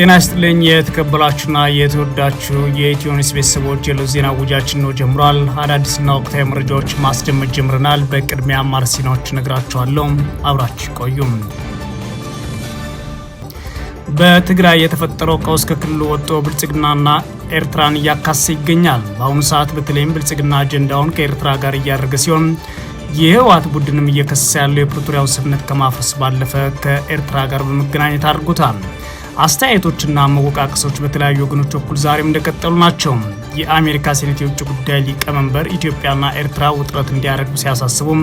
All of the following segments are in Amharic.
ጤና ይስጥልኝ የተከበላችሁና የተወዳችሁ የኢትዮኒስ ቤተሰቦች የሉ ዜና ጉጃችን ነው ጀምሯል። አዳዲስና ወቅታዊ መረጃዎች ማስደመጥ ጀምረናል። በቅድሚያ አማር ዜናዎች ነግራችኋለሁ። አብራችሁ ቆዩም። በትግራይ የተፈጠረው ቀውስ ከክልሉ ወጥቶ ብልጽግናና ኤርትራን እያካሰ ይገኛል። በአሁኑ ሰዓት በተለይም ብልጽግና አጀንዳውን ከኤርትራ ጋር እያደረገ ሲሆን የህወሓት ቡድንም እየከሰሰ ያለው የፕሪቶሪያው ስምምነት ከማፍረስ ባለፈ ከኤርትራ ጋር በመገናኘት አድርጎታል። አስተያየቶችና መወቃቀሶች በተለያዩ ወገኖች በኩል ዛሬም እንደቀጠሉ ናቸው። የአሜሪካ ሴኔት የውጭ ጉዳይ ሊቀመንበር ኢትዮጵያና ኤርትራ ውጥረት እንዲያደርጉ ሲያሳስቡም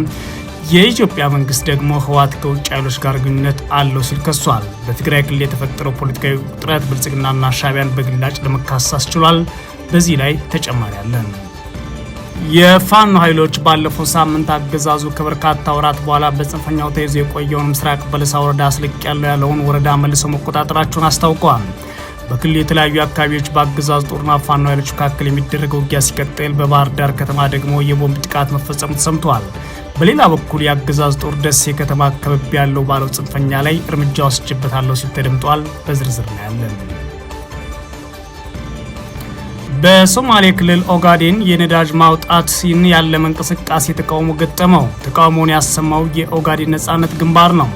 የኢትዮጵያ መንግስት ደግሞ ህወሓት ከውጭ ኃይሎች ጋር ግንኙነት አለው ሲል ከሷል። በትግራይ ክልል የተፈጠረው ፖለቲካዊ ውጥረት ብልጽግናና ሻቢያን በግላጭ ለመካሰስ ችሏል። በዚህ ላይ ተጨማሪ አለን። የፋኖ ኃይሎች ባለፈው ሳምንት አገዛዙ ከበርካታ ወራት በኋላ በጽንፈኛው ተይዞ የቆየውን ምስራቅ በለሳ ወረዳ አስልቅ ያለው ያለውን ወረዳ መልሰው መቆጣጠራቸውን አስታውቀዋል። በክልል የተለያዩ አካባቢዎች በአገዛዝ ጦርና ፋኖ ኃይሎች መካከል የሚደረገው ውጊያ ሲቀጥል፣ በባህር ዳር ከተማ ደግሞ የቦምብ ጥቃት መፈጸሙ ተሰምተዋል። በሌላ በኩል የአገዛዝ ጦር ደሴ ከተማ አካባቢ ያለው ባለው ጽንፈኛ ላይ እርምጃ ወስጅበታለሁ ሲል ተደምጧል። በዝርዝር እናያለን። በሶማሌ ክልል ኦጋዴን የነዳጅ ማውጣትን ያለመ እንቅስቃሴ ተቃውሞ ገጠመው። ተቃውሞውን ያሰማው የኦጋዴን ነጻነት ግንባር ነው።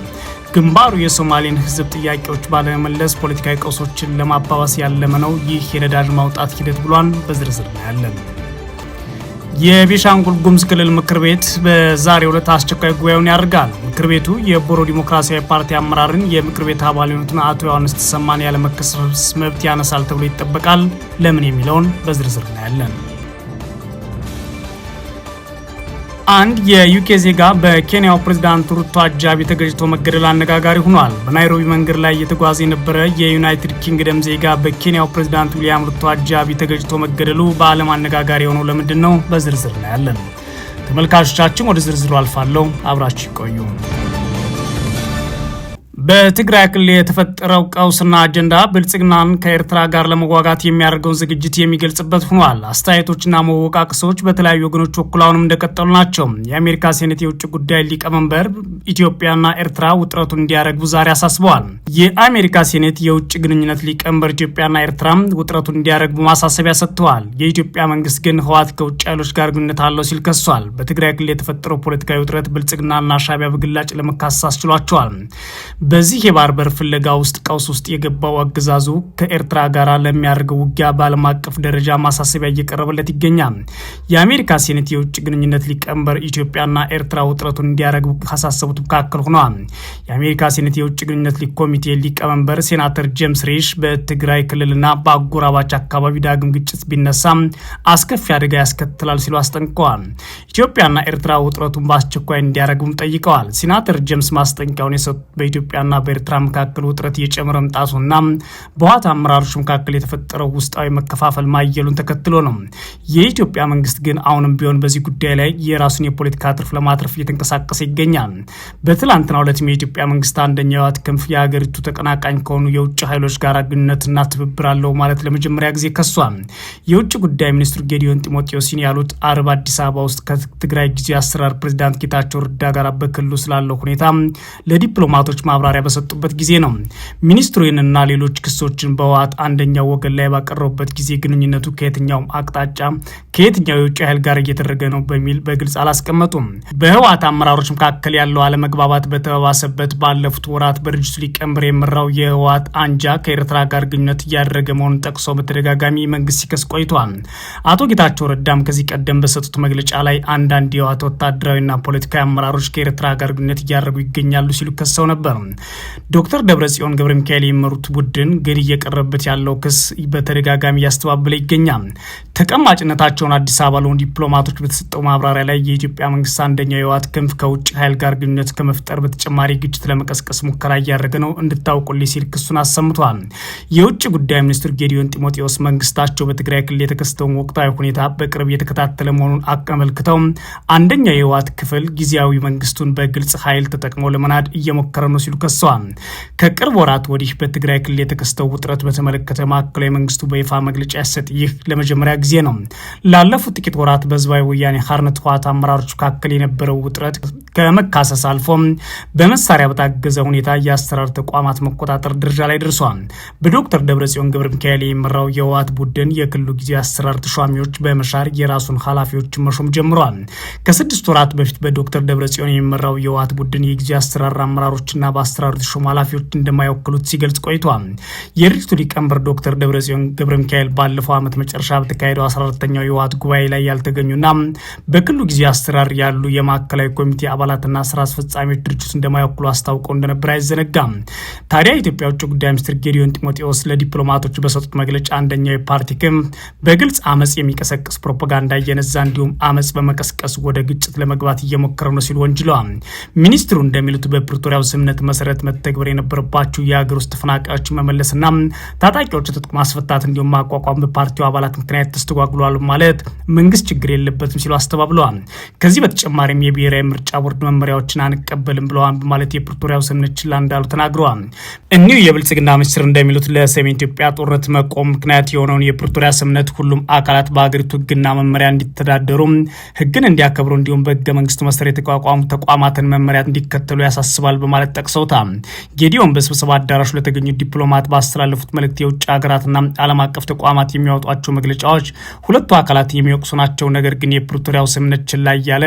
ግንባሩ የሶማሌን ሕዝብ ጥያቄዎች ባለመመለስ ፖለቲካዊ ቀውሶችን ለማባባስ ያለመ ነው ይህ የነዳጅ ማውጣት ሂደት ብሏን በዝርዝር እናያለን። የቢሻንጉል ጉሙዝ ክልል ምክር ቤት በዛሬው ዕለት አስቸኳይ ጉባኤውን ያደርጋል። ምክር ቤቱ የቦሮ ዲሞክራሲያዊ ፓርቲ አመራርን የምክር ቤት አባል የሆኑትን አቶ ዮሐንስ ተሰማን ያለመከሰስ መብት ያነሳል ተብሎ ይጠበቃል። ለምን የሚለውን በዝርዝር እናያለን። አንድ የዩኬ ዜጋ በኬንያው ፕሬዝዳንት ሩቶ አጃቢ ተገጭቶ መገደል አነጋጋሪ ሆኗል። በናይሮቢ መንገድ ላይ እየተጓዘ የነበረ የዩናይትድ ኪንግደም ዜጋ በኬንያው ፕሬዝዳንት ዊሊያም ሩቶ አጃቢ ተገጭቶ መገደሉ በዓለም አነጋጋሪ የሆነው ለምንድን ነው? በዝርዝር እናያለን። ተመልካቾቻችን ወደ ዝርዝሩ አልፋለሁ። አብራችሁ ይቆዩ። በትግራይ ክልል የተፈጠረው ቀውስና አጀንዳ ብልጽግናን ከኤርትራ ጋር ለመዋጋት የሚያደርገውን ዝግጅት የሚገልጽበት ሆኗል። አስተያየቶችና መወቃቀሶች በተለያዩ ወገኖች በኩል አሁንም እንደቀጠሉ ናቸው። የአሜሪካ ሴኔት የውጭ ጉዳይ ሊቀመንበር ኢትዮጵያና ኤርትራ ውጥረቱን እንዲያረግቡ ዛሬ አሳስበዋል። የአሜሪካ ሴኔት የውጭ ግንኙነት ሊቀመንበር ኢትዮጵያና ኤርትራ ውጥረቱን እንዲያረግቡ ማሳሰቢያ ሰጥተዋል። የኢትዮጵያ መንግስት ግን ህወሓት ከውጭ ኃይሎች ጋር ግንኙነት አለው ሲል ከሷል። በትግራይ ክልል የተፈጠረው ፖለቲካዊ ውጥረት ብልጽግናና ሻቢያ በግላጭ ለመካሰስ አስችሏቸዋል። በዚህ የባህር በር ፍለጋ ውስጥ ቀውስ ውስጥ የገባው አገዛዙ ከኤርትራ ጋር ለሚያደርገው ውጊያ በዓለም አቀፍ ደረጃ ማሳሰቢያ እየቀረበለት ይገኛል። የአሜሪካ ሴኔት የውጭ ግንኙነት ሊቀመንበር ኢትዮጵያና ኤርትራ ውጥረቱን እንዲያደርጉ ካሳሰቡት መካከል ሆኗል። የአሜሪካ ሴኔት የውጭ ግንኙነት ኮሚቴ ሊቀመንበር ሴናተር ጄምስ ሬሽ በትግራይ ክልልና በአጎራባች አካባቢ ዳግም ግጭት ቢነሳም አስከፊ አደጋ ያስከትላል ሲሉ አስጠንቀዋል። ኢትዮጵያና ኤርትራ ውጥረቱን በአስቸኳይ እንዲያደርጉም ጠይቀዋል። ሴናተር ጄምስ ማስጠንቀቂያውን የሰጡት በኢትዮጵያ በኢትዮጵያና በኤርትራ መካከል ውጥረት እየጨመረ መምጣቱና በህወሓት አመራሮች መካከል የተፈጠረው ውስጣዊ መከፋፈል ማየሉን ተከትሎ ነው። የኢትዮጵያ መንግስት ግን አሁንም ቢሆን በዚህ ጉዳይ ላይ የራሱን የፖለቲካ ትርፍ ለማትረፍ እየተንቀሳቀሰ ይገኛል። በትላንትና ሁለትም የኢትዮጵያ መንግስት አንደኛ ዋት ክንፍ የሀገሪቱ ተቀናቃኝ ከሆኑ የውጭ ኃይሎች ጋር ግንኙነትና ትብብር አለው ማለት ለመጀመሪያ ጊዜ ከሷል። የውጭ ጉዳይ ሚኒስትሩ ጌዲዮን ጢሞቴዎስን ያሉት አርብ አዲስ አበባ ውስጥ ከትግራይ ጊዜ አሰራር ፕሬዚዳንት ጌታቸው ረዳ ጋር በክልሉ ስላለው ሁኔታ ለዲፕሎማቶች ማብራሪያ ማብራሪያ በሰጡበት ጊዜ ነው። ሚኒስትሩ ይህንና ሌሎች ክሶችን በህወሓት አንደኛው ወገን ላይ ባቀረቡበት ጊዜ ግንኙነቱ ከየትኛውም አቅጣጫ ከየትኛው የውጭ ኃይል ጋር እየተደረገ ነው በሚል በግልጽ አላስቀመጡም። በህወሓት አመራሮች መካከል ያለው አለመግባባት በተባባሰበት ባለፉት ወራት በድርጅቱ ሊቀመንበር የመራው የህወሓት አንጃ ከኤርትራ ጋር ግንኙነት እያደረገ መሆኑን ጠቅሶ በተደጋጋሚ መንግስት ሲከስ ቆይቷል። አቶ ጌታቸው ረዳም ከዚህ ቀደም በሰጡት መግለጫ ላይ አንዳንድ የህወሓት ወታደራዊና ፖለቲካዊ አመራሮች ከኤርትራ ጋር ግንኙነት እያደረጉ ይገኛሉ ሲሉ ከሰው ነበር። ዶክተር ደብረጽዮን ገብረ ሚካኤል የሚመሩት ቡድን ግን እየቀረበበት ያለው ክስ በተደጋጋሚ እያስተባበለ ይገኛል። ተቀማጭነታቸውን አዲስ አበባ ለሆኑ ዲፕሎማቶች በተሰጠው ማብራሪያ ላይ የኢትዮጵያ መንግስት አንደኛው የህወሓት ክንፍ ከውጭ ኃይል ጋር ግንኙነት ከመፍጠር በተጨማሪ ግጭት ለመቀስቀስ ሙከራ እያደረገ ነው እንድታውቁልኝ ሲል ክሱን አሰምቷል። የውጭ ጉዳይ ሚኒስትር ጌዲዮን ጢሞቴዎስ መንግስታቸው በትግራይ ክልል የተከሰተውን ወቅታዊ ሁኔታ በቅርብ የተከታተለ መሆኑን አመልክተው አንደኛው የህወሓት ክፍል ጊዜያዊ መንግስቱን በግልጽ ኃይል ተጠቅመው ለመናድ እየሞከረ ነው ሲሉ ከሰ ተነሷል። ከቅርብ ወራት ወዲህ በትግራይ ክልል የተከሰተው ውጥረት በተመለከተ ማዕከላዊ መንግስቱ በይፋ መግለጫ ያሰጥ ይህ ለመጀመሪያ ጊዜ ነው። ላለፉት ጥቂት ወራት በህዝባዊ ወያኔ ሀርነት ህወሓት አመራሮች መካከል የነበረው ውጥረት ከመካሰስ አልፎ በመሳሪያ በታገዘ ሁኔታ የአሰራር ተቋማት መቆጣጠር ደረጃ ላይ ደርሷል። በዶክተር ደብረጽዮን ገብረ ሚካኤል የሚመራው የህወሓት ቡድን የክልሉ ጊዜ አሰራር ተሿሚዎች በመሻር የራሱን ኃላፊዎች መሾም ጀምሯል። ከስድስት ወራት በፊት በዶክተር ደብረጽዮን የሚመራው የህወሓት ቡድን የጊዜ አሰራር አመራሮችና በአስ አሰራሩ የተሾሙ ኃላፊዎች እንደማይወክሉት ሲገልጽ ቆይቷል። የድርጅቱ ሊቀመንበር ዶክተር ደብረጽዮን ገብረ ሚካኤል ባለፈው ዓመት መጨረሻ በተካሄደው 14ተኛው የህወሓት ጉባኤ ላይ ያልተገኙና በክልሉ ጊዜ አሰራር ያሉ የማዕከላዊ ኮሚቴ አባላትና ስራ አስፈጻሚዎች ድርጅቱ እንደማይወክሉ አስታውቀው እንደነበር አይዘነጋም። ታዲያ ኢትዮጵያ ውጭ ጉዳይ ሚኒስትር ጌዲዮን ጢሞቴዎስ ለዲፕሎማቶች በሰጡት መግለጫ አንደኛው የፓርቲ ክንፍ በግልጽ አመፅ የሚቀሰቅስ ፕሮፓጋንዳ እየነዛ እንዲሁም አመፅ በመቀስቀስ ወደ ግጭት ለመግባት እየሞከረ ነው ሲሉ ወንጅለዋል። ሚኒስትሩ እንደሚሉት በፕሪቶሪያው ስምምነት መሰረት መሰረት መተግበር የነበረባቸው የሀገር ውስጥ ተፈናቃዮች መመለስና ታጣቂዎች ትጥቅ ማስፈታት እንዲሁም ማቋቋም በፓርቲው አባላት ምክንያት ተስተጓጉሏል ማለት መንግስት ችግር የለበትም ሲሉ አስተባብለዋል። ከዚህ በተጨማሪም የብሔራዊ ምርጫ ቦርድ መመሪያዎችን አንቀበልም ብለዋል በማለት የፕሪቶሪያው ስምምነት ችላ እንዳሉ ተናግረዋል። እኒሁ የብልጽግና ሚኒስትር እንደሚሉት ለሰሜን ኢትዮጵያ ጦርነት መቆም ምክንያት የሆነውን የፕሪቶሪያ ስምምነት ሁሉም አካላት በሀገሪቱ ህግና መመሪያ እንዲተዳደሩ፣ ህግን እንዲያከብሩ እንዲሁም በህገ መንግስቱ መሰረት የተቋቋሙ ተቋማትን መመሪያ እንዲከተሉ ያሳስባል በማለት ጠቅሰውታል። ጌዲዮን በስብሰባ አዳራሹ ለተገኙ ዲፕሎማት ባስተላለፉት መልእክት የውጭ ሀገራትና ዓለም አቀፍ ተቋማት የሚያወጧቸው መግለጫዎች ሁለቱ አካላት የሚወቅሱ ናቸው። ነገር ግን የፕሪቶሪያው ስምምነት ችላ እያለ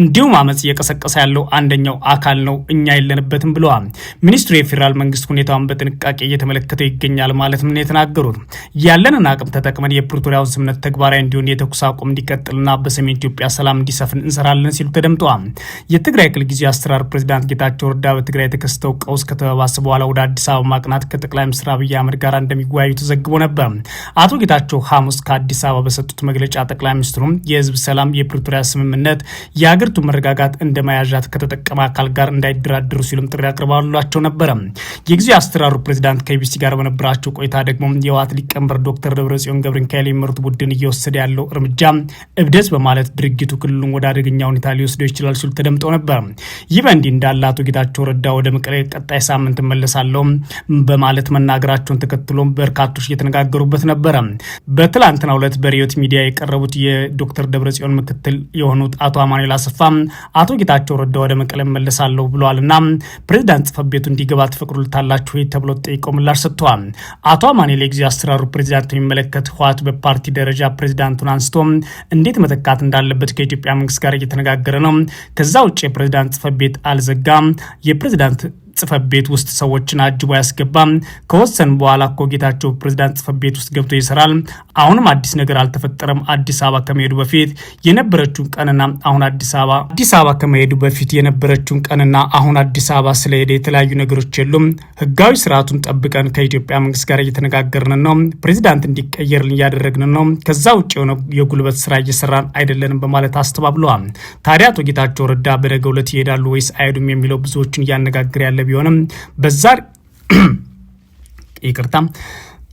እንዲሁም አመፅ እየቀሰቀሰ ያለው አንደኛው አካል ነው፣ እኛ የለንበትም ብለዋል ሚኒስትሩ። የፌዴራል መንግስት ሁኔታውን በጥንቃቄ እየተመለከተው ይገኛል ማለትም ነው የተናገሩት። ያለንን አቅም ተጠቅመን የፕሪቶሪያውን ስምምነት ተግባራዊ እንዲሆን የተኩስ አቁም እንዲቀጥልና በሰሜን ኢትዮጵያ ሰላም እንዲሰፍን እንሰራለን ሲሉ ተደምጠዋል። የትግራይ ክልል ጊዜ አስተራር ፕሬዚዳንት ጌታቸው ረዳ በትግራይ የተከሰተው ቀውስ ከተባባሰ በኋላ ወደ አዲስ አበባ ማቅናት ከጠቅላይ ሚኒስትር አብይ አህመድ ጋር እንደሚወያዩ ተዘግቦ ነበር። አቶ ጌታቸው ሐሙስ ከአዲስ አበባ በሰጡት መግለጫ ጠቅላይ ሚኒስትሩም የህዝብ ሰላም፣ የፕሪቶሪያ ስምምነት፣ የአገር የሀገሪቱ መረጋጋት እንደ መያዣት ከተጠቀመ አካል ጋር እንዳይደራደሩ ሲሉም ጥሪ አቅርባሏቸው ነበረ። የጊዜ አስተራሩ ፕሬዚዳንት ከቢሲ ጋር በነበራቸው ቆይታ ደግሞ የህወሓት ሊቀመንበር ዶክተር ደብረጽዮን ገብረ ሚካኤል የሚመሩት ቡድን እየወሰደ ያለው እርምጃ እብደት በማለት ድርጊቱ ክልሉን ወደ አደገኛ ሁኔታ ሊወስደው ይችላል ሲሉ ተደምጠው ነበር። ይህ በእንዲህ እንዳለ አቶ ጌታቸው ረዳ ወደ መቀሌ ቀጣይ ሳምንት እመለሳለሁ በማለት መናገራቸውን ተከትሎ በርካቶች እየተነጋገሩበት ነበረ። በትላንትና ዕለት በሪዮት ሚዲያ የቀረቡት የዶክተር ደብረጽዮን ምክትል የሆኑት አቶ አማኑኤል አሰፋ አሰፋ አቶ ጌታቸው ረዳ ወደ መቀለ መለሳለሁ ብለዋልና ፕሬዚዳንት ጽፈት ቤቱ እንዲገባ ትፈቅዱልታላችሁ ተብሎ ተጠይቀው ምላሽ ሰጥተዋል። አቶ አማኔ ለጊዜ አስተራሩ ፕሬዚዳንት የሚመለከት ህወሓት በፓርቲ ደረጃ ፕሬዚዳንቱን አንስቶ እንዴት መተካት እንዳለበት ከኢትዮጵያ መንግስት ጋር እየተነጋገረ ነው። ከዛ ውጭ የፕሬዚዳንት ጽፈት ቤት አልዘጋም። የፕሬዚዳንት ጽፈት ቤት ውስጥ ሰዎችን አጅቦ ያስገባም። ከወሰን በኋላ እኮ ጌታቸው ፕሬዚዳንት ጽፈት ቤት ውስጥ ገብቶ ይሰራል። አሁንም አዲስ ነገር አልተፈጠረም። አዲስ አበባ ከመሄዱ በፊት የነበረችውን ቀንና አሁን አዲስ አበባ አዲስ አበባ ከመሄዱ በፊት የነበረችውን ቀንና አሁን አዲስ አበባ ስለሄደ የተለያዩ ነገሮች የሉም። ህጋዊ ስርዓቱን ጠብቀን ከኢትዮጵያ መንግስት ጋር እየተነጋገርን ነው። ፕሬዚዳንት እንዲቀየርልን እያደረግን ነው። ከዛ ውጭ የሆነ የጉልበት ስራ እየሰራን አይደለንም በማለት አስተባብለዋል። ታዲያ አቶ ጌታቸው ረዳ በነገው ዕለት ይሄዳሉ ወይስ አይሄዱም የሚለው ብዙዎችን እያነጋግር ያለ ቢሆንም በዛር ይቅርታ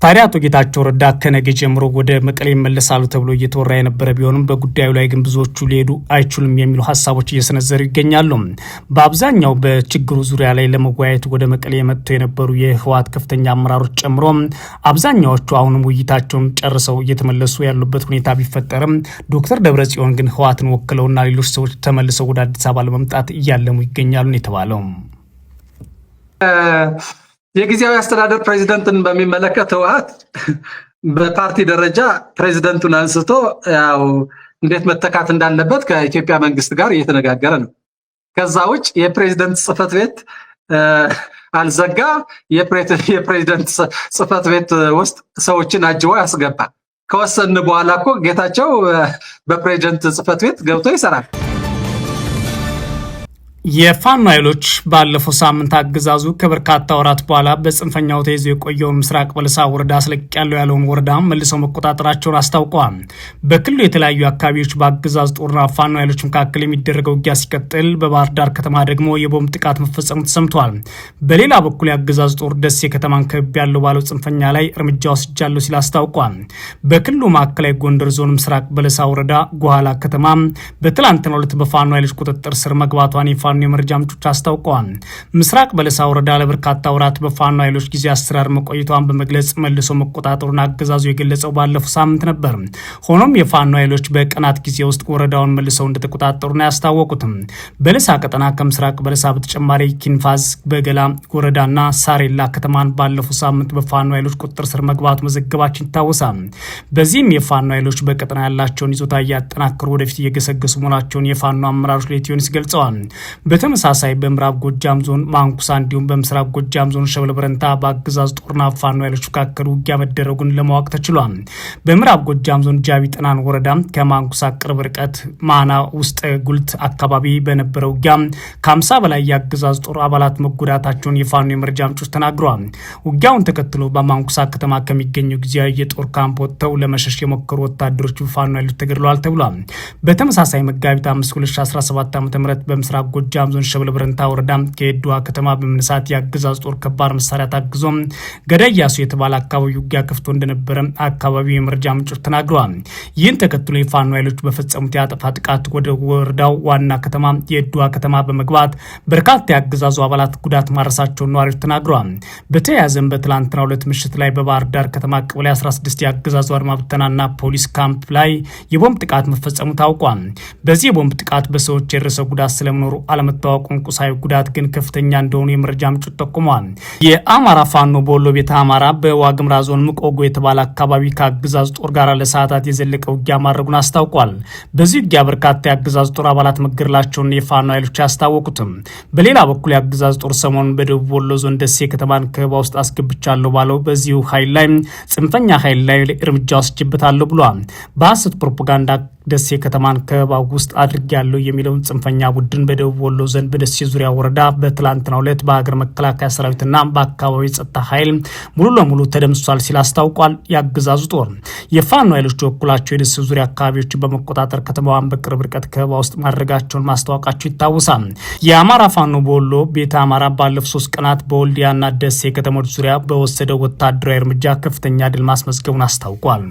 ታዲያ አቶ ጌታቸው ረዳ ከነገ ጀምሮ ወደ መቀሌ ይመለሳሉ ተብሎ እየተወራ የነበረ ቢሆንም በጉዳዩ ላይ ግን ብዙዎቹ ሊሄዱ አይችሉም የሚሉ ሀሳቦች እየሰነዘሩ ይገኛሉ። በአብዛኛው በችግሩ ዙሪያ ላይ ለመወያየት ወደ መቀሌ መጥተው የነበሩ የህወሓት ከፍተኛ አመራሮች ጨምሮ አብዛኛዎቹ አሁንም ውይይታቸውን ጨርሰው እየተመለሱ ያሉበት ሁኔታ ቢፈጠርም ዶክተር ደብረጽዮን ግን ህወሓትን ወክለውና ሌሎች ሰዎች ተመልሰው ወደ አዲስ አበባ ለመምጣት እያለሙ ይገኛሉ የተባለው የጊዜያዊ አስተዳደር ፕሬዚደንትን በሚመለከት ህወሓት በፓርቲ ደረጃ ፕሬዚደንቱን አንስቶ ያው እንዴት መተካት እንዳለበት ከኢትዮጵያ መንግስት ጋር እየተነጋገረ ነው። ከዛ ውጭ የፕሬዚደንት ጽህፈት ቤት አልዘጋ፣ የፕሬዚደንት ጽህፈት ቤት ውስጥ ሰዎችን አጅቦ ያስገባ። ከወሰን በኋላ እኮ ጌታቸው በፕሬዚደንት ጽህፈት ቤት ገብቶ ይሰራል። የፋኖ ኃይሎች ባለፈው ሳምንት አገዛዙ ከበርካታ ወራት በኋላ በጽንፈኛው ተይዞ የቆየውን ምስራቅ በለሳ ወረዳ ያለው ያለውን ወረዳ መልሰው መቆጣጠራቸውን አስታውቀዋል። በክልሉ የተለያዩ አካባቢዎች በአገዛዝ ጦርና ፋኖ ኃይሎች መካከል የሚደረገው ውጊያ ሲቀጥል፣ በባህር ዳር ከተማ ደግሞ የቦምብ ጥቃት መፈጸሙ ተሰምቷል። በሌላ በኩል የአገዛዝ ጦር ደሴ ከተማን ከብ ያለው ባለው ጽንፈኛ ላይ እርምጃ ወስጃለሁ ሲል አስታውቋል። በክልሉ ማዕከላዊ ጎንደር ዞን ምስራቅ በለሳ ወረዳ ጓኋላ ከተማ በትላንትናው ዕለት በፋኖ ኃይሎች ቁጥጥር ስር መግባቷን ይፋ የፋኖ የመረጃ ምንጮች አስታውቀዋል። ምስራቅ በለሳ ወረዳ ለበርካታ ወራት በፋኖ ኃይሎች ጊዜ አሰራር መቆይቷን በመግለጽ መልሶ መቆጣጠሩን አገዛዙ የገለጸው ባለፈው ሳምንት ነበር። ሆኖም የፋኖ ኃይሎች በቀናት ጊዜ ውስጥ ወረዳውን መልሰው እንደተቆጣጠሩና ያስታወቁትም በለሳ ቀጠና ከምስራቅ በለሳ በተጨማሪ ኪንፋዝ በገላ ወረዳና ሳሬላ ከተማን ባለፈው ሳምንት በፋኖ ኃይሎች ቁጥጥር ስር መግባቱ መዘገባችን ይታወሳል። በዚህም የፋኖ ኃይሎች በቀጠና ያላቸውን ይዞታ እያጠናከሩ ወደፊት እየገሰገሱ መሆናቸውን የፋኖ አመራሮች ለኢትዮኒስ ገልጸዋል። በተመሳሳይ በምዕራብ ጎጃም ዞን ማንኩሳ እንዲሁም በምስራቅ ጎጃም ዞን ሸበል በረንታ በአገዛዝ ጦርና ፋኖ ኃይሎች መካከል ውጊያ መደረጉን ለማወቅ ተችሏል። በምዕራብ ጎጃም ዞን ጃቢ ጥናን ወረዳ ከማንኩሳ ቅርብ ርቀት ማና ውስጥ ጉልት አካባቢ በነበረ ውጊያ ከ50 በላይ የአገዛዝ ጦር አባላት መጎዳታቸውን የፋኖ የመረጃ ምንጮች ተናግረዋል። ውጊያውን ተከትሎ በማንኩሳ ከተማ ከሚገኘው ጊዜያዊ የጦር ካምፕ ወጥተው ለመሸሽ የሞከሩ ወታደሮች ፋኖ ኃይሎች ተገድለዋል ተብሏል። በተመሳሳይ መጋቢት 5 2017 ዓ ም በምስራቅ ጎጃ ጎጃም ዞን ሸበል ወረዳ ከኤድዋ ከተማ በመነሳት የአገዛዝ ጦር ከባድ መሳሪያ ታግዞ ገዳይ ያሱ የተባለ አካባቢ ውጊያ ከፍቶ እንደነበረ አካባቢው የመረጃ ምንጮች ተናግረዋል። ይህን ተከትሎ የፋኖ ኃይሎች በፈጸሙት የአጠፋ ጥቃት ወደ ወረዳው ዋና ከተማ የኤድዋ ከተማ በመግባት በርካታ የአገዛዙ አባላት ጉዳት ማድረሳቸውን ነዋሪዎች ተናግረዋል። በተያያዘም በትላንትና ሁለት ምሽት ላይ በባህር ዳር ከተማ ቀበሌ 16 የአገዛዙ አድማ ብተናና ፖሊስ ካምፕ ላይ የቦምብ ጥቃት መፈጸሙ ታውቋል። በዚህ የቦምብ ጥቃት በሰዎች የደረሰው ጉዳት ስለመኖሩ አላ አለመታወቁን ቁሳዊ ጉዳት ግን ከፍተኛ እንደሆኑ የመረጃ ምንጮች ጠቁመዋል። የአማራ ፋኖ በወሎ ቤተ አማራ በዋግምራ ዞን ምቆጎ የተባለ አካባቢ ከአገዛዝ ጦር ጋር ለሰዓታት የዘለቀ ውጊያ ማድረጉን አስታውቋል። በዚህ ውጊያ በርካታ የአገዛዝ ጦር አባላት መገደላቸውን የፋኖ ኃይሎች አስታወቁትም። በሌላ በኩል የአገዛዝ ጦር ሰሞኑን በደቡብ ወሎ ዞን ደሴ ከተማን ከበባ ውስጥ አስገብቻለሁ ባለው በዚሁ ኃይል ላይ ጽንፈኛ ኃይል ላይ እርምጃ ወስጅበታለሁ ብሏል። በሀሰት ፕሮፓጋንዳ ደሴ ከተማን ከበባ ውስጥ አድርጌያለሁ የሚለውን ጽንፈኛ ቡድን በደቡብ ወሎ ዞን በደሴ ዙሪያ ወረዳ በትላንትናው ዕለት በሀገር መከላከያ ሰራዊትና በአካባቢ ጸጥታ ኃይል ሙሉ ለሙሉ ተደምስሷል ሲል አስታውቋል። የአገዛዙ ጦር የፋኖ ኃይሎች በበኩላቸው የደሴ ዙሪያ አካባቢዎችን በመቆጣጠር ከተማዋን በቅርብ ርቀት ከበባ ውስጥ ማድረጋቸውን ማስታወቃቸው ይታወሳል። የአማራ ፋኖ በወሎ ቤተ አማራ ባለፉ ሶስት ቀናት በወልዲያና ደሴ ከተሞች ዙሪያ በወሰደው ወታደራዊ እርምጃ ከፍተኛ ድል ማስመዝገቡን አስታውቋል።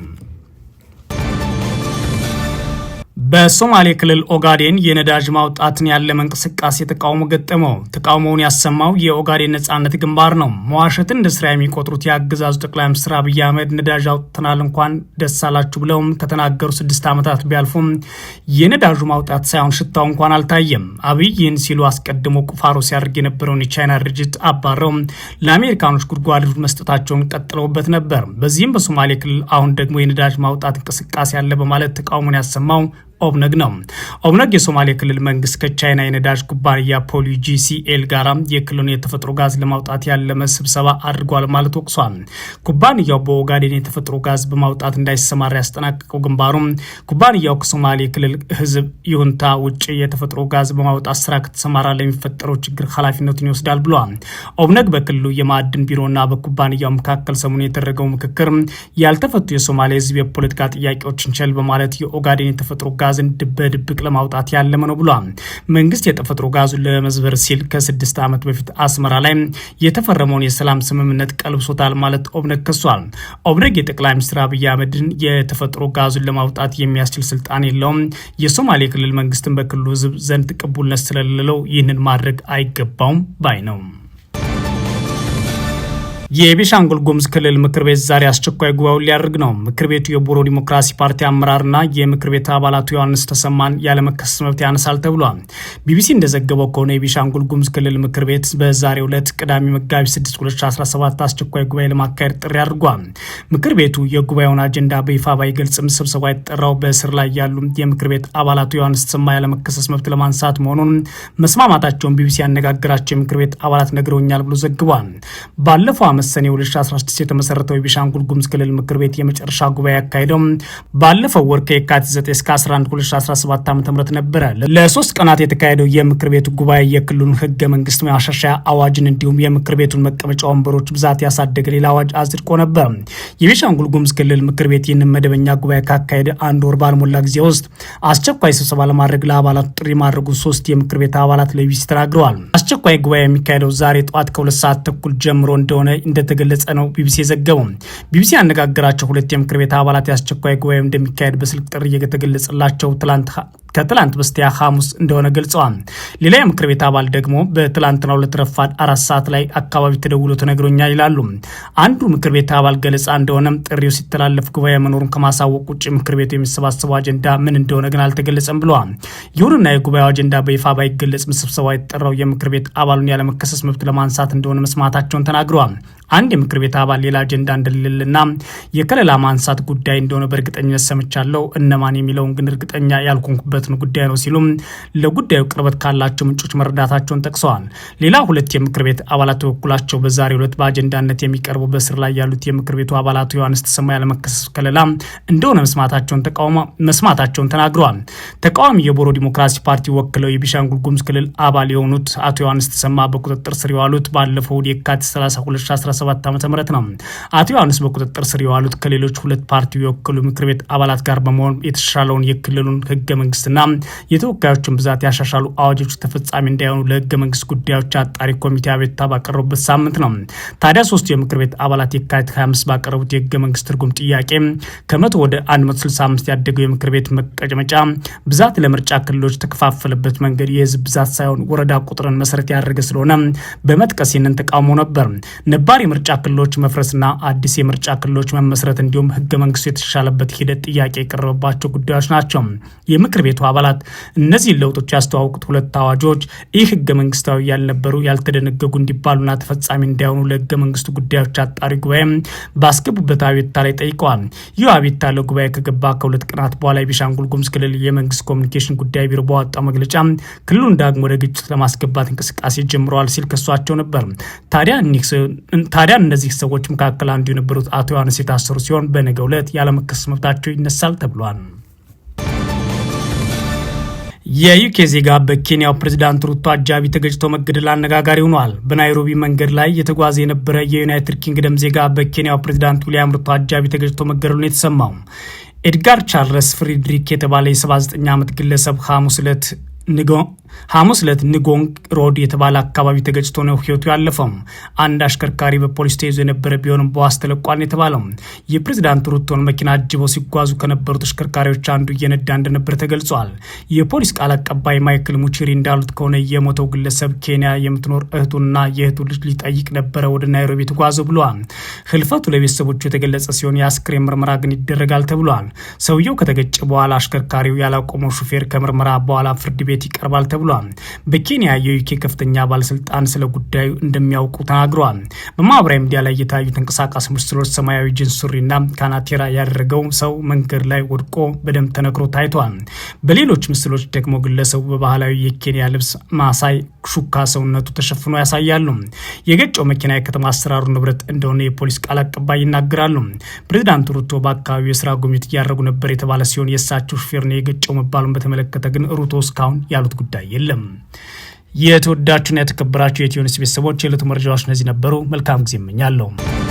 በሶማሌ ክልል ኦጋዴን የነዳጅ ማውጣትን ያለመ እንቅስቃሴ ተቃውሞ ገጠመው። ተቃውሞውን ያሰማው የኦጋዴን ነጻነት ግንባር ነው። መዋሸትን እንደ ስራ የሚቆጥሩት የአገዛዙ ጠቅላይ ሚኒስትር አብይ አህመድ ነዳጅ አውጥተናል እንኳን ደስ አላችሁ ብለውም ከተናገሩ ስድስት ዓመታት ቢያልፉም የነዳጁ ማውጣት ሳይሆን ሽታው እንኳን አልታየም። አብይ ይህን ሲሉ አስቀድሞ ቁፋሮ ሲያደርግ የነበረውን የቻይና ድርጅት አባረው ለአሜሪካኖች ጉድጓድ መስጠታቸውን ቀጥለውበት ነበር። በዚህም በሶማሌ ክልል አሁን ደግሞ የነዳጅ ማውጣት እንቅስቃሴ አለ በማለት ተቃውሞን ያሰማው ኦብነግ ነው። ኦብነግ የሶማሌ ክልል መንግስት ከቻይና የነዳጅ ኩባንያ ፖሊ ጂሲኤል ጋራ የክልሉን የተፈጥሮ ጋዝ ለማውጣት ያለመ ስብሰባ አድርጓል ማለት ወቅሷል። ኩባንያው በኦጋዴን የተፈጥሮ ጋዝ በማውጣት እንዳይሰማራ ያስጠናቀቀው ግንባሩም ኩባንያው ከሶማሌ ክልል ህዝብ ይሁንታ ውጭ የተፈጥሮ ጋዝ በማውጣት ስራ ከተሰማራ ለሚፈጠረው ችግር ኃላፊነቱን ይወስዳል ብሏል። ኦብነግ በክልሉ የማዕድን ቢሮና በኩባንያው መካከል ሰሞኑን የተደረገው ምክክር ያልተፈቱ የሶማሌ ህዝብ የፖለቲካ ጥያቄዎችን ቸል በማለት የኦጋዴን የተፈጥሮ ጋዝ ጋዝን በድብቅ ለማውጣት ያለመ ነው ብሏል። መንግስት የተፈጥሮ ጋዙን ለመዝበር ሲል ከስድስት ዓመት በፊት አስመራ ላይ የተፈረመውን የሰላም ስምምነት ቀልብሶታል ማለት ኦብነግ ከሷል። ኦብነግ የጠቅላይ ሚኒስትር አብይ አህመድን የተፈጥሮ ጋዙን ለማውጣት የሚያስችል ስልጣን የለውም፣ የሶማሌ ክልል መንግስትን በክልሉ ህዝብ ዘንድ ቅቡልነት ስለሌለው ይህንን ማድረግ አይገባውም ባይ ነው። የቤሻንጉል ጉሙዝ ክልል ምክር ቤት ዛሬ አስቸኳይ ጉባኤውን ሊያደርግ ነው። ምክር ቤቱ የቦሮ ዲሞክራሲ ፓርቲ አመራርና የምክር ቤት አባላቱ ዮሐንስ ተሰማን ያለመከሰስ መብት ያነሳል ተብሏል። ቢቢሲ እንደዘገበው ከሆነ የቤሻንጉል ጉሙዝ ክልል ምክር ቤት በዛሬ ዕለት ቅዳሜ መጋቢት 6 2017 አስቸኳይ ጉባኤ ለማካሄድ ጥሪ አድርጓል። ምክር ቤቱ የጉባኤውን አጀንዳ በይፋ ባይገልጽም ስብሰባ የተጠራው በእስር ላይ ያሉ የምክር ቤት አባላቱ ዮሐንስ ተሰማ ያለመከሰስ መብት ለማንሳት መሆኑን መስማማታቸውን ቢቢሲ ያነጋገራቸው የምክር ቤት አባላት ነግረውኛል ብሎ ዘግቧል። ባለፈው ዓመት ሰኔ 2016 የተመሰረተው የቢሻንጉል ጉሙዝ ክልል ምክር ቤት የመጨረሻ ጉባኤ ያካሄደው ባለፈው ወር ከየካቲት 9 እስከ 11 2017 ዓ ም ነበረ። ለሶስት ቀናት የተካሄደው የምክር ቤቱ ጉባኤ የክልሉን ህገ መንግስት ማሻሻያ አዋጅን እንዲሁም የምክር ቤቱን መቀመጫ ወንበሮች ብዛት ያሳደገ ሌላ አዋጅ አጽድቆ ነበር። የቢሻንጉል ጉሙዝ ክልል ምክር ቤት ይህንን መደበኛ ጉባኤ ካካሄደ አንድ ወር ባልሞላ ጊዜ ውስጥ አስቸኳይ ስብሰባ ለማድረግ ለአባላቱ ጥሪ ማድረጉ ሶስት የምክር ቤት አባላት ለቢቢሲ ተናግረዋል። አስቸኳይ ጉባኤ የሚካሄደው ዛሬ ጠዋት ከሁለት ሰዓት ተኩል ጀምሮ እንደሆነ እንደተገለጸ ነው ቢቢሲ የዘገበው። ቢቢሲ ያነጋገራቸው ሁለት የምክር ቤት አባላት የአስቸኳይ ጉባኤ እንደሚካሄድ በስልክ ጥሪ እየተገለጸላቸው ትላንት ከትላንት በስቲያ ሐሙስ እንደሆነ ገልጸዋል። ሌላ የምክር ቤት አባል ደግሞ በትላንትና ሁለት ረፋድ አራት ሰዓት ላይ አካባቢ ተደውሎ ተነግሮኛል ይላሉ። አንዱ ምክር ቤት አባል ገለጻ እንደሆነም ጥሪው ሲተላለፍ ጉባኤ መኖሩን ከማሳወቅ ውጭ ምክር ቤቱ የሚሰባሰበው አጀንዳ ምን እንደሆነ ግን አልተገለጸም ብለዋል። ይሁንና የጉባኤው አጀንዳ በይፋ ባይገለጽም ስብሰባ የተጠራው የምክር ቤት አባሉን ያለመከሰስ መብት ለማንሳት እንደሆነ መስማታቸውን ተናግረዋል። አንድ የምክር ቤት አባል ሌላ አጀንዳ እንደሌለና የከለላ ማንሳት ጉዳይ እንደሆነ በእርግጠኝነት ሰምቻለሁ። እነማን የሚለውን ግን እርግጠኛ ያልኮንኩበትን ጉዳይ ነው ሲሉም ለጉዳዩ ቅርበት ካላቸው ምንጮች መረዳታቸውን ጠቅሰዋል። ሌላ ሁለት የምክር ቤት አባላት በበኩላቸው በዛሬው ዕለት በአጀንዳነት የሚቀርቡ በስር ላይ ያሉት የምክር ቤቱ አባላቱ ዮሐንስ ተሰማ ያለመከሰስ ከለላ እንደሆነ መስማታቸውን መስማታቸውን ተናግረዋል። ተቃዋሚ የቦሮ ዲሞክራሲ ፓርቲ ወክለው የቢሻንጉል ጉሙዝ ክልል አባል የሆኑት አቶ ዮሐንስ ተሰማ በቁጥጥር ስር የዋሉት ባለፈው የካቲት 32 2017 ዓ ም ነው። አቶ ዮሐንስ በቁጥጥር ስር የዋሉት ከሌሎች ሁለት ፓርቲ የወከሉ ምክር ቤት አባላት ጋር በመሆን የተሻለውን የክልሉን ህገ መንግስትና የተወካዮችን ብዛት ያሻሻሉ አዋጆች ተፈጻሚ እንዳይሆኑ ለህገ መንግስት ጉዳዮች አጣሪ ኮሚቴ አቤቱታ ባቀረቡበት ሳምንት ነው። ታዲያ ሶስቱ የምክር ቤት አባላት የካቲት 25 ባቀረቡት የህገ መንግስት ትርጉም ጥያቄ ከመቶ ወደ 165 ያደገው የምክር ቤት መቀመጫ ብዛት ለምርጫ ክልሎች የተከፋፈለበት መንገድ የህዝብ ብዛት ሳይሆን ወረዳ ቁጥርን መሰረት ያደረገ ስለሆነ በመጥቀስ ይህንን ተቃውሞ ነበር። ነባር የምርጫ ክልሎች መፍረስና አዲስ የምርጫ ክልሎች መመስረት እንዲሁም ህገ መንግስቱ የተሻለበት ሂደት ጥያቄ የቀረበባቸው ጉዳዮች ናቸው። የምክር ቤቱ አባላት እነዚህን ለውጦች ያስተዋወቁት ሁለት አዋጆች ይህ ህገ መንግስታዊ ያልነበሩ ያልተደነገጉ እንዲባሉና ተፈጻሚ እንዳይሆኑ ለህገ መንግስቱ ጉዳዮች አጣሪ ጉባኤ ባስገቡበት አቤቱታ ላይ ጠይቀዋል። ይህ አቤቱታ ለጉባኤ ከገባ ከሁለት ቀናት በኋላ የቤኒሻንጉል ጉሙዝ ክልል የመንግስት ኮሚኒኬሽን ጉዳይ ቢሮ ባወጣው መግለጫ ክልሉን ዳግሞ ወደ ግጭት ለማስገባት እንቅስቃሴ ጀምረዋል ሲል ከሷቸው ነበር። ታዲያ እኒህ ታዲያ እነዚህ ሰዎች መካከል አንዱ የነበሩት አቶ ዮሐንስ የታሰሩ ሲሆን በነገው ዕለት ያለመከሰስ መብታቸው ይነሳል ተብሏል። የዩኬ ዜጋ በኬንያው ፕሬዚዳንት ሩቶ አጃቢ ተገጭቶ መገደል አነጋጋሪ ሆኗል። በናይሮቢ መንገድ ላይ የተጓዘ የነበረ የዩናይትድ ኪንግደም ዜጋ በኬንያው ፕሬዚዳንት ዊሊያም ሩቶ አጃቢ ተገጭቶ መገደሉን የተሰማው ኤድጋር ቻርለስ ፍሪድሪክ የተባለ የ79 ዓመት ግለሰብ ሐሙስ ዕለት ሐሙስ ዕለት ንጎንግ ሮድ የተባለ አካባቢ ተገጭቶ ነው ህይወቱ ያለፈው። አንድ አሽከርካሪ በፖሊስ ተይዞ የነበረ ቢሆንም በዋስ ተለቋል የተባለው የፕሬዚዳንት ሩቶን መኪና አጅበው ሲጓዙ ከነበሩ ተሽከርካሪዎች አንዱ እየነዳ እንደነበር ተገልጿል። የፖሊስ ቃል አቀባይ ማይክል ሙቺሪ እንዳሉት ከሆነ የሞተው ግለሰብ ኬንያ የምትኖር እህቱና የእህቱ ልጅ ሊጠይቅ ነበረ ወደ ናይሮቢ ተጓዘ ብሏል። ህልፈቱ ለቤተሰቦቹ የተገለጸ ሲሆን የአስክሬን ምርመራ ግን ይደረጋል ተብሏል። ሰውየው ከተገጨ በኋላ አሽከርካሪው ያላቆመው ሹፌር ከምርመራ በኋላ ፍርድ ቤት ፊት ይቀርባል ተብሏል። በኬንያ የዩኬ ከፍተኛ ባለስልጣን ስለ ጉዳዩ እንደሚያውቁ ተናግረዋል። በማህበራዊ ሚዲያ ላይ የታዩ ተንቀሳቃሽ ምስሎች ሰማያዊ ጅንስ ሱሪና ካናቴራ ያደረገው ሰው መንገድ ላይ ወድቆ በደም ተነክሮ ታይቷል። በሌሎች ምስሎች ደግሞ ግለሰቡ በባህላዊ የኬንያ ልብስ ማሳይ ሹካ ሰውነቱ ተሸፍኖ ያሳያሉ። የገጨው መኪና የከተማ አሰራሩ ንብረት እንደሆነ የፖሊስ ቃል አቀባይ ይናገራሉ። ፕሬዚዳንት ሩቶ በአካባቢው የስራ ጉብኝት እያደረጉ ነበር የተባለ ሲሆን የእሳቸው ሹፌር ነው የገጨው መባሉን በተመለከተ ግን ሩቶ እስካሁን ያሉት ጉዳይ የለም። የተወዳችሁና የተከበራችሁ የኢትዮ ኒውስ ቤተሰቦች የዕለቱ መረጃዎች እነዚህ ነበሩ። መልካም ጊዜ እመኛለሁ።